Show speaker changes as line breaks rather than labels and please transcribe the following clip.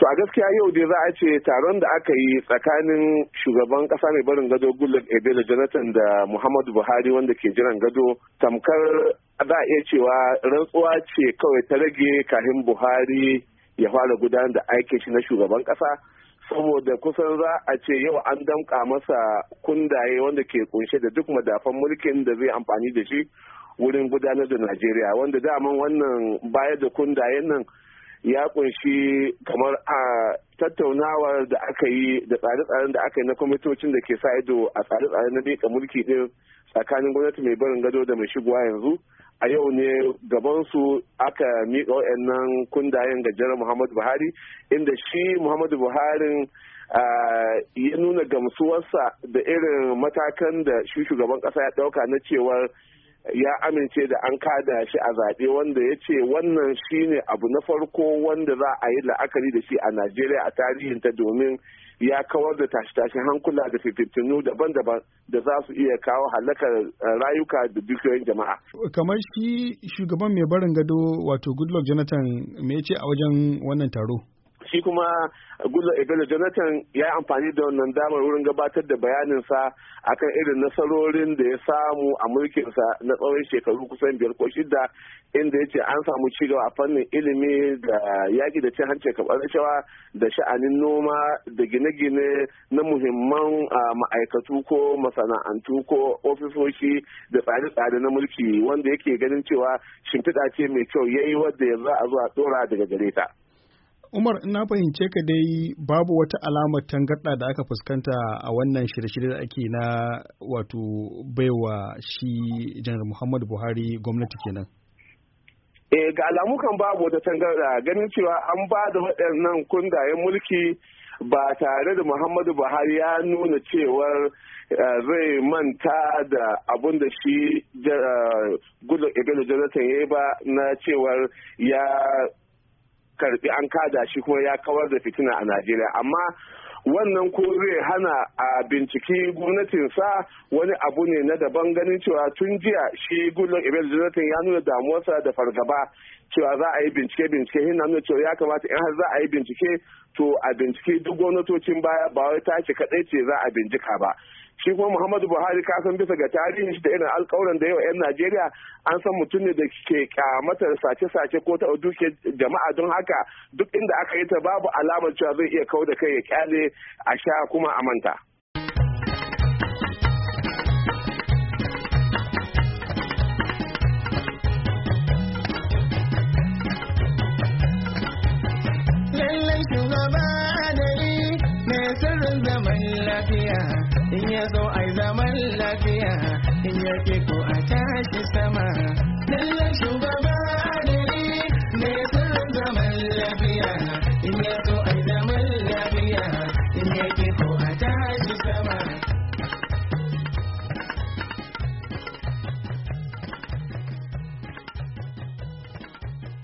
To a gaskiya yau dai za a ce taron da aka yi tsakanin shugaban kasa mai barin gado Goodluck Ebele Jonathan da Muhammadu Buhari wanda ke jiran gado tamkar za a iya cewa rantsuwa ce kawai ta rage kafin Buhari ya fara gudanar da aikin shi na shugaban kasa saboda kusan za a ce yau an damka masa kundaye wanda ke kunshe da duk madafan mulkin da zai amfani da shi wurin gudanar da Najeriya wanda daman wannan bayar da kundayen nan ya kunshi kamar a tattaunawar da aka yi da tsare-tsaren da aka yi na kwamitocin da ke sa ido a tsare-tsaren na beka mulki din tsakanin gwamnati mai barin gado da mai shigowa yanzu a yau ne gabansu aka miƙa waɗannan kundayen ga jiran muhammadu buhari inda shi muhammadu buhari ya nuna gamsuwarsa da irin matakan da shi shugaban ƙasa ya ɗauka na cewar ya amince da an kada shi a zaɓe wanda ya ce wannan shine abu na farko wanda za a yi la'akari da shi a najeriya a tarihinta domin ya kawar da tashe-tashen hankula da fitintunu daban-daban da za su iya kawo halakar eh, rayuka da dukiyoyin jama'a.
Kamar shi shugaban mai barin gado wato Goodluck Jonathan me ce a wajen wannan taro?
shi kuma gullo ebelo jonathan ya yi amfani da wannan damar wurin gabatar da bayaninsa akan irin nasarorin da ya samu a mulkinsa na tsawon shekaru kusan biyar ko shida inda ya ce an samu cigaba a fannin ilimi da yaƙi da cin hanci kaɓar rashawa da sha'anin noma da gine-gine na muhimman ma'aikatu ko masana'antu ko ofisoshi da tsare-tsare na mulki wanda yake ganin cewa shimfiɗa ce mai kyau ya yi wadda za a zuwa tsora daga gare ta.
Umar, na fahimce ka dai babu wata alamar tangarɗa da aka fuskanta a wannan shirye-shirye da ake na wato baiwa shi janar Muhammadu Buhari gwamnati kenan.
Eh ga alamu kan babu wata tangarɗa ganin cewa an ba da waɗannan kundayen mulki ba tare da Muhammadu Buhari ya nuna cewar eh, zai manta da abun da shi eh, gudu Ebelo Jonathan ya yi ba na cewar ya karbi an kada shi kuma ya kawar da fitina a najeriya amma wannan ko zai hana a binciki gwamnatinsa wani abu ne na daban ganin cewa tun jiya shi gullon ibel jonathan ya nuna damuwarsa da fargaba cewa za a yi bincike bincike hin nuna cewa ya kamata in har za a yi bincike to a bincike duk gwamnatocin baya ba wai tashi kaɗai ce za a bincika ba shi kuma Muhammadu Buhari ka san bisa ga tarihin shi da irin alƙawuran da yawa 'yan Najeriya an san mutum ne da ke kyamatar sace-sace ko ta dukiyar jama'a don haka duk inda aka yi ta babu alamar cewa zai iya kau da kai ya kyale a sha kuma a manta.
Lallai shugaba adali mai sirrin zaman lafiya in ya zo ai zaman lafiya in ya ko a tashi sama.